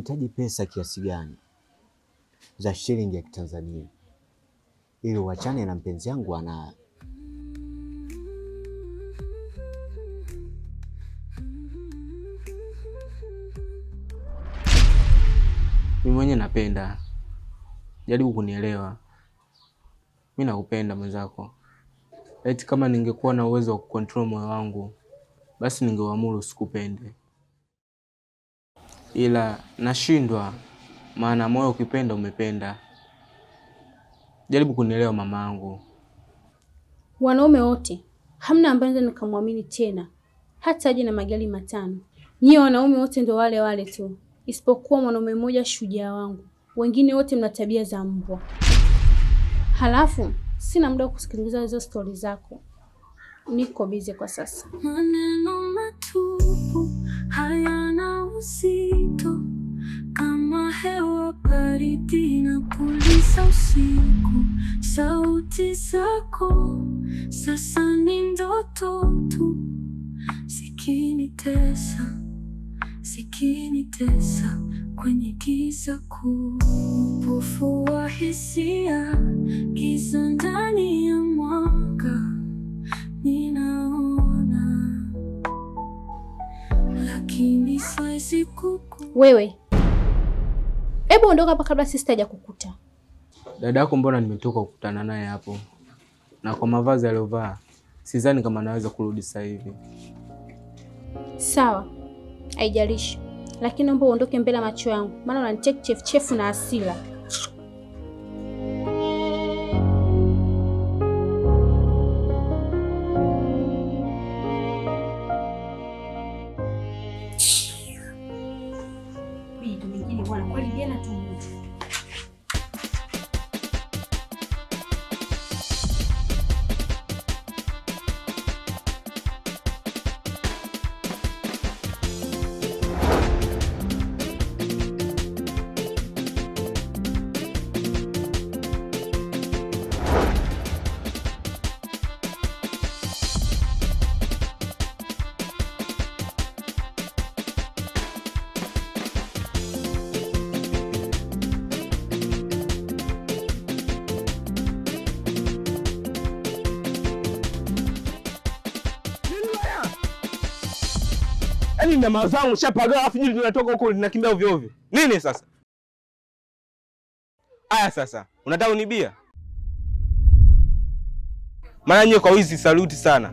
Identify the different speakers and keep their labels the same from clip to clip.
Speaker 1: unahitaji pesa kiasi gani za shilingi ya Kitanzania ili uachane na mpenzi yangu ana
Speaker 2: mimi mwenye napenda. Jaribu kunielewa, mi nakupenda mwenzako. Eti kama ningekuwa na uwezo wa kukontrol moyo wangu, basi ningewaamuru usikupende ila nashindwa, maana moyo ukipenda umependa. Jaribu kunielewa mamangu.
Speaker 3: Wanaume wote hamna ambaye nikamwamini tena, hata aje na magari matano. Nyie wanaume wote ndo wale wale tu, isipokuwa mwanaume mmoja shujaa wangu, wengine wote mna tabia za mbwa. Halafu sina muda wa kusikiliza hizo stori zako, niko bize kwa sasa. Maneno matupu hayana uzito hewa baridi na kuliza usiku. Sauti zako sasa ni ndoto tu, zikinitesa, zikinitesa kwenye giza kuu. Upofu wa hisia, giza ndani ya mwanga ninaona, lakini siwezi kuku wewe Hebu ondoka hapa kabla sister hajakukuta.
Speaker 2: Dada yako mbona nimetoka kukutana naye hapo, na kwa mavazi aliyovaa sidhani kama anaweza kurudi sasa hivi.
Speaker 3: Sawa, haijalishi, lakini naomba uondoke mbele ya macho yangu, maana unanicheki chefuchefu na hasira.
Speaker 4: nyama zangu shapaga, alafu nyinyi tunatoka huko linakimbia ovyo ovyo nini sasa? Aya, sasa unataka unibia? Maana nyewe kwa wizi saluti sana,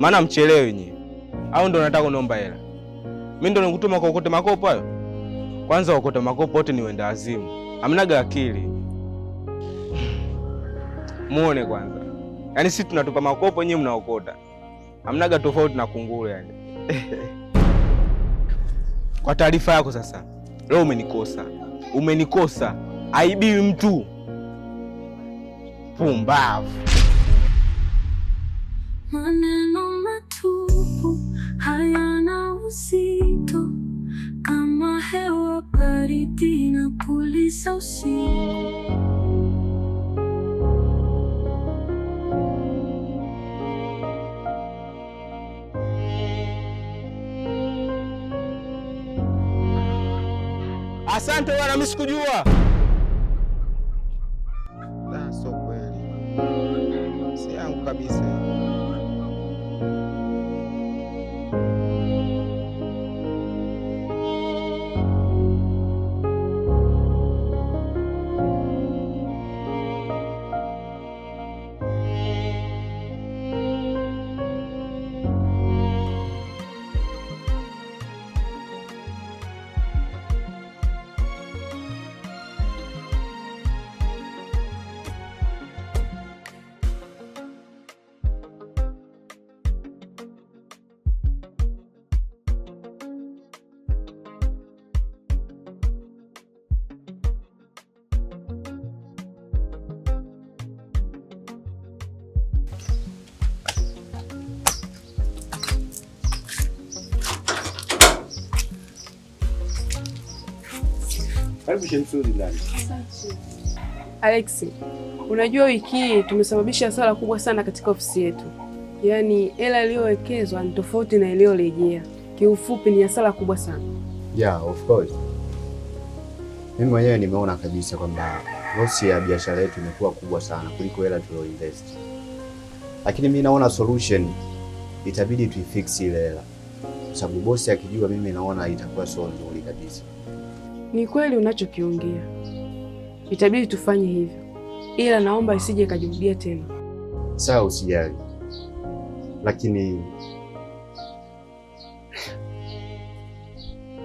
Speaker 4: maana mchelewe nyewe, au ndo unataka uniomba hela? Mi ndo nikutuma kwa ukote makopo hayo? Kwanza ukote makopo wote ni wenda azimu, amnaga akili muone kwanza. Yaani sisi tunatupa makopo, nyewe mnaokota, amnaga tofauti na kunguru yani Kwa taarifa yako sasa, leo umenikosa, umenikosa. Aibiwi mtu, pumbavu. Isco de
Speaker 5: alexi ndani. unajua wiki hii tumesababisha hasara kubwa sana katika ofisi yetu, yaani hela iliyowekezwa ni tofauti na iliyorejea. Kiufupi ni hasara kubwa sana.
Speaker 6: Yeah, of course. Mimi mwenyewe nimeona kabisa kwamba loss ya biashara yetu imekuwa kubwa sana kuliko hela tulioinvest, lakini mi naona solution itabidi tuifix ile hela, kwa sababu bosi akijua, mimi naona itakuwa sio nzuri kabisa.
Speaker 5: Ni kweli unachokiongea, itabidi tufanye hivyo, ila naomba isije ikajirudia tena.
Speaker 6: Sawa, usijali, lakini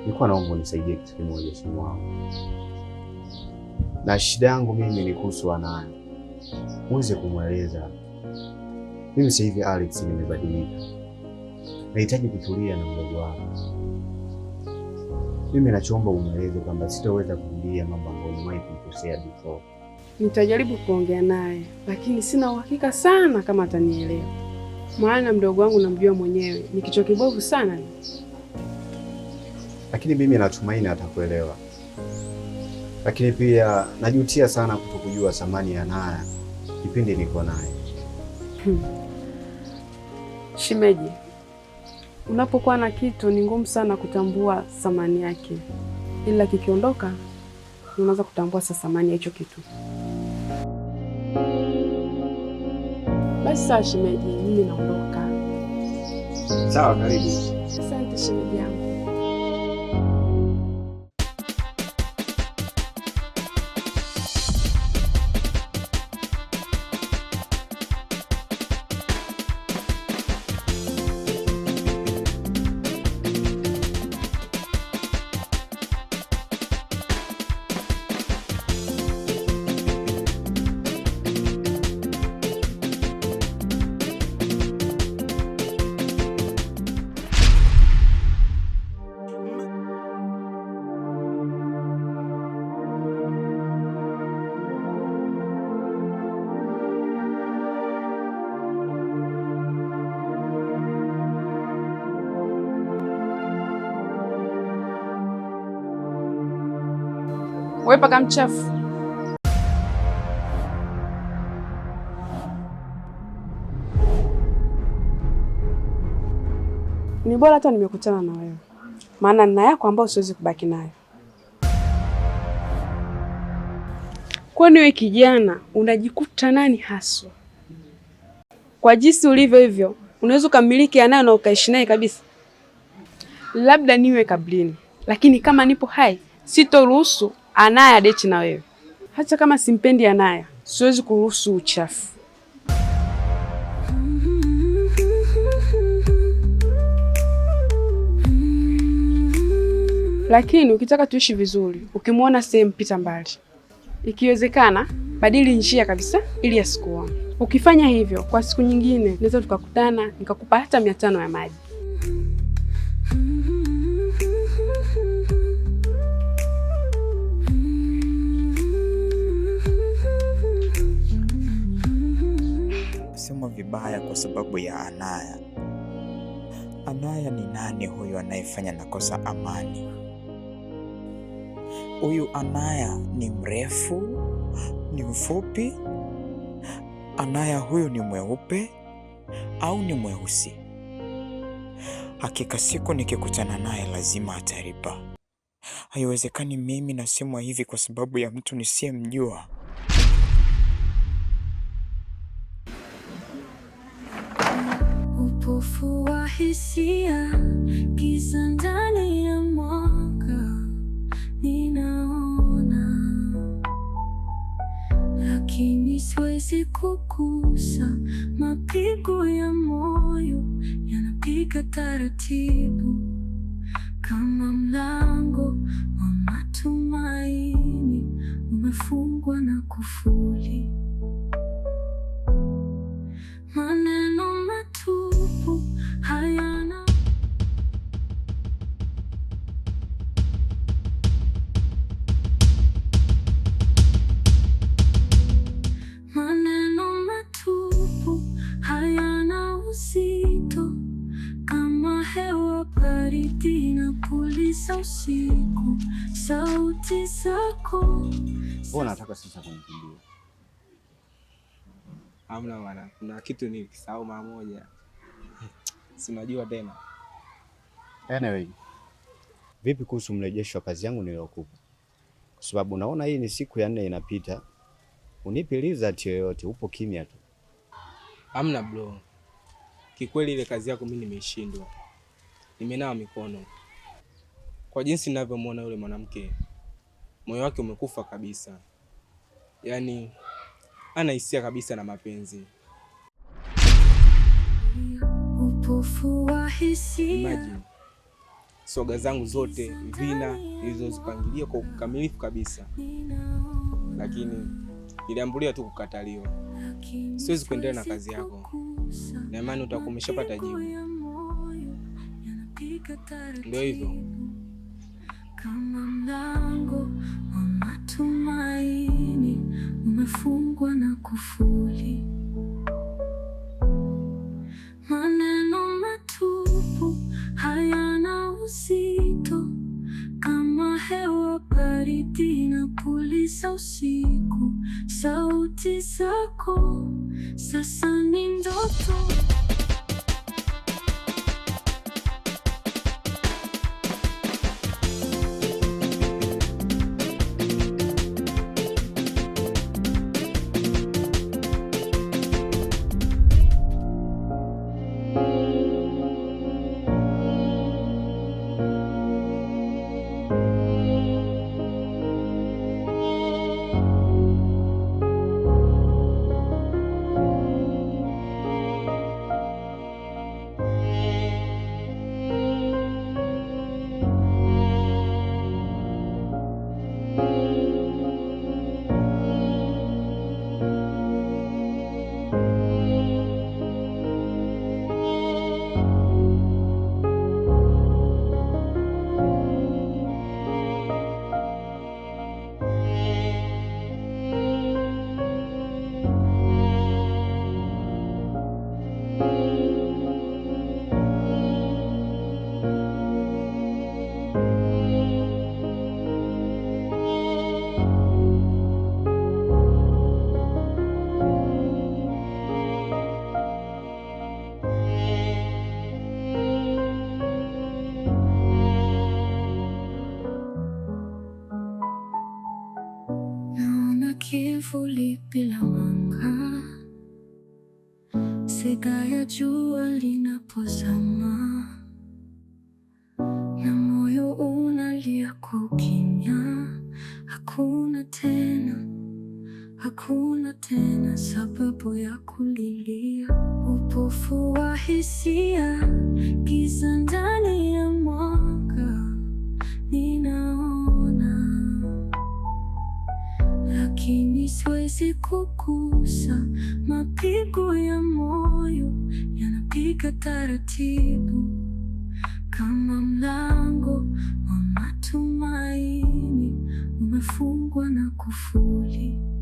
Speaker 6: nilikuwa naomba unisaidie kitu kimoja, simu wangu, na shida yangu mimi ni kuhusu wanani uweze kumweleza mimi sasa hivi Alex nimebadilika, nahitaji kutulia na mdogo wangu mimi nachoomba umweleze kwamba sitaweza kurudia mambo ambayo nimewahi kukosea before.
Speaker 5: Nitajaribu kuongea naye, lakini sina uhakika sana kama atanielewa, maana mdogo wangu namjua mwenyewe ni kichwa kibovu sana,
Speaker 6: lakini mimi natumaini atakuelewa. Lakini pia najutia sana kutokujua thamani ya Naya kipindi niko naye hmm.
Speaker 5: Shimeji Unapokuwa na kitu ni ngumu sana kutambua thamani yake, ila kikiondoka unaweza kutambua sa thamani ya hicho kitu. Basi sawa shemeji, mimi naondoka. Sawa, karibu. Asante shemeji yangu. We paka mchafu. Ni bora hata nimekutana na wewe, maana nina yako ambayo siwezi kubaki nayo. Kwani wewe kijana unajikuta nani haswa? Kwa jinsi ulivyo hivyo, unaweza ukamiliki anayo na ukaishi naye kabisa. Labda niwe kablini lakini kama nipo hai sitoruhusu Anaya deti na wewe. Hata kama simpendi Anaya, siwezi kuruhusu uchafu. Lakini ukitaka tuishi vizuri, ukimwona sehemu, pita mbali. Ikiwezekana badili njia kabisa, ili asikuone. Ukifanya hivyo kwa siku nyingine, naweza tukakutana, nikakupa hata mia tano ya maji.
Speaker 7: alitumwa vibaya kwa sababu ya Anaya. Anaya ni nani huyu anayefanya nakosa amani? Huyu Anaya ni mrefu? Ni mfupi? Anaya huyu ni mweupe au ni mweusi? Hakika siku nikikutana naye lazima ataripa. Haiwezekani mimi nasemwa hivi kwa sababu ya mtu nisiyemjua. upofu wa hisia, giza ndani ya mwanga ninaona, lakini siwezi kugusa. Mapigo ya moyo yanapiga taratibu, kama mlango wa matumaini umefungwa
Speaker 6: na kufuli. hata sasa kunikimbia.
Speaker 2: Hamna maana, kuna kitu nikisahau mara moja sinajua tena.
Speaker 6: Anyway, vipi kuhusu mrejesho wa kazi yangu niliyokupa? Kwa sababu naona hii ni siku ya nne inapita, unipi result yoyote, upo kimya tu.
Speaker 2: Hamna bro, kikweli ile kazi yako mimi nimeshindwa, nimenawa mikono kwa jinsi ninavyomwona yule mwanamke, moyo wake umekufa kabisa yani ana hisia kabisa na mapenzi. Upofu wa hisia. soga zangu zote vina nilizozipangilia kwa ukamilifu kabisa, lakini niliambulia tu kukataliwa. Siwezi kuendelea na kazi yako, na imani utakuwa umeshapata jibu. Ndio hivyo kama mlango wa matumaini umefungwa na kufuli, maneno matupu hayana uzito kama hewa baridi na puliza usiku. Sauti zako sasa ni ndoto.
Speaker 6: kuingia upofu wa hisia, giza ndani ya mwanga ninaona, lakini siwezi kugusa. Mapigo ya moyo yanapiga taratibu kama mlango wa matumaini umefungwa na kufuli.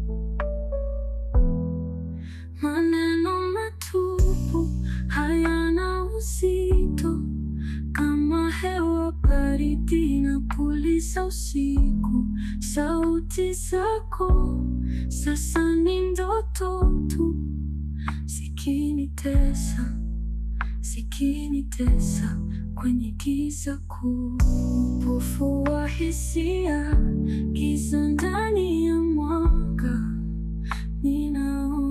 Speaker 6: uzito kama hewa baridi na kulisa usiku. Sauti zako sasa ni ndoto tu, zikinitesa, zikinitesa kwenye giza kuu, upofu wa hisia, giza ndani ya mwanga ninao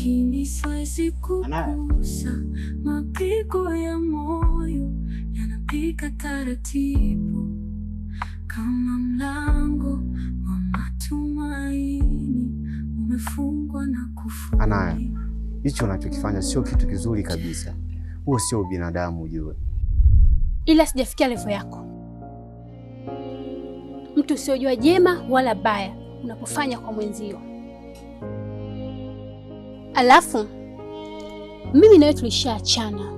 Speaker 6: lakini siwezi kukusa. Mapigo ya moyo yanapika taratibu kama mlango wa matumaini umefungwa na kufungwa. Anaya, hicho unachokifanya sio kitu kizuri kabisa, huo sio ubinadamu ujue,
Speaker 3: ila sijafikia levo yako. Mtu usiojua jema wala baya unapofanya kwa mwenzio Alafu mimi na wewe tulishaachana,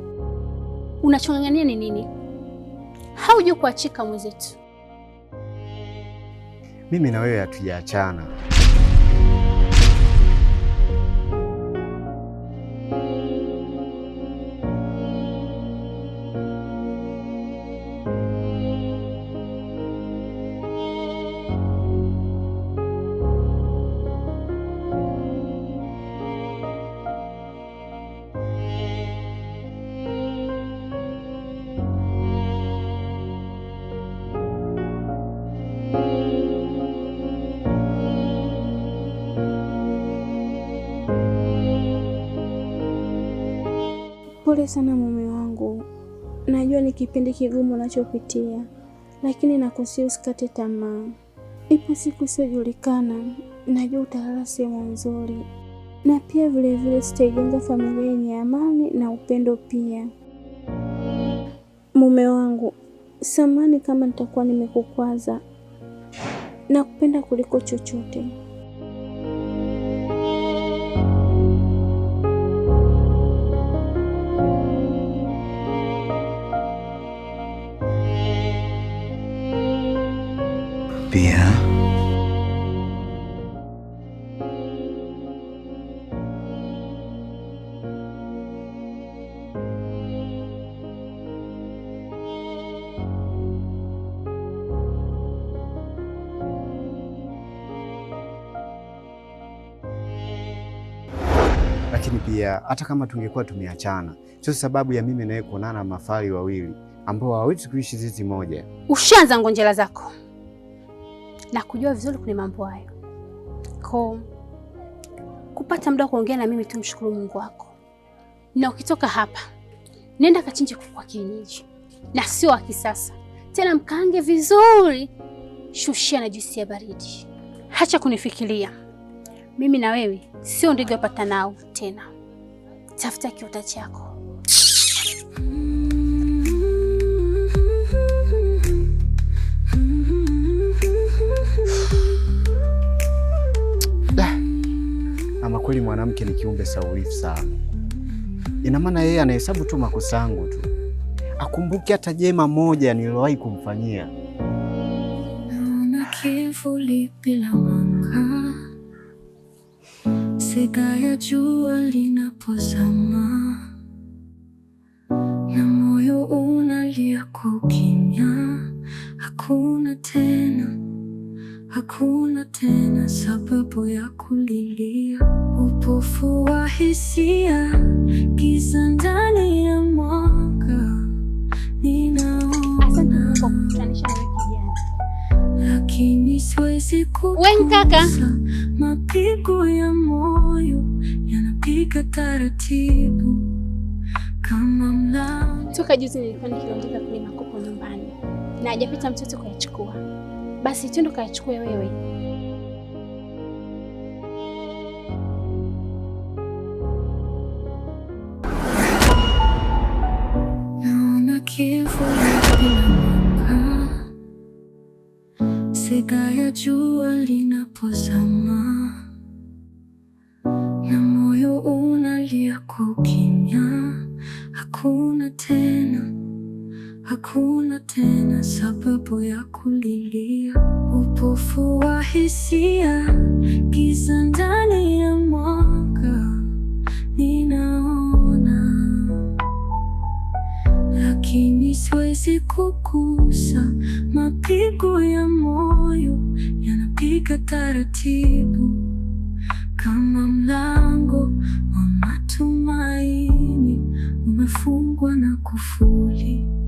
Speaker 3: unachong'ang'ania ni nini? Haujui kuachika mwenzetu.
Speaker 6: Mimi na wewe hatujaachana.
Speaker 8: Pole sana mume wangu, najua ni kipindi kigumu unachopitia, lakini nakusihi usikate tamaa. Ipo siku isiyojulikana, najua utalala sehemu nzuri, na pia vilevile sitaijenga familia yenye amani na upendo. Pia mume wangu, samani kama nitakuwa nimekukwaza, nakupenda kuliko chochote.
Speaker 6: pia hata kama tungekuwa tumeachana, sio sababu ya mimi nawe kuonana na mafari wawili ambao hawawezi kuishi zizi moja.
Speaker 3: Ushaanza ngonjera zako na kujua vizuri kwenye mambo hayo, ko kupata muda wa kuongea na mimi tumshukuru Mungu wako, na ukitoka hapa nenda kachinje kuku wa kienyeji na sio wa kisasa tena, mkaange vizuri, shushia na juisi ya baridi. Hacha kunifikiria mimi na wewe sio ndege wapata nao tena tafuta kiota chako.
Speaker 6: Ama kweli mwanamke ni kiumbe saurifu sana. Ina maana yeye anahesabu tu makosa yangu tu, akumbuke hata jema moja nililowahi kumfanyia. Naona kivuli bila masika ya jua linapozama na moyo unalia kwa ukimya. Hakuna tena, hakuna tena sababu ya kulilia.
Speaker 3: Upofu wa hisia, giza ndani ya mwanga ninaona, lakini siwezi kukosa Mapigo ya moyo yanapiga taratibu kama mlango. Toka juzi nilikuwa nikiongeza kule makopo nyumbani na hajapita mtoto kuyachukua, basi twende kayachukue wewe. masega ya jua linapozama na moyo unalia kwa ukimya. Hakuna tena, hakuna tena sababu ya kulilia. Upofu wa hisia, giza ndani ya moyo siwezi kukusa. Mapigo ya moyo yanapiga taratibu kama mlango wa matumaini umefungwa na kufuli.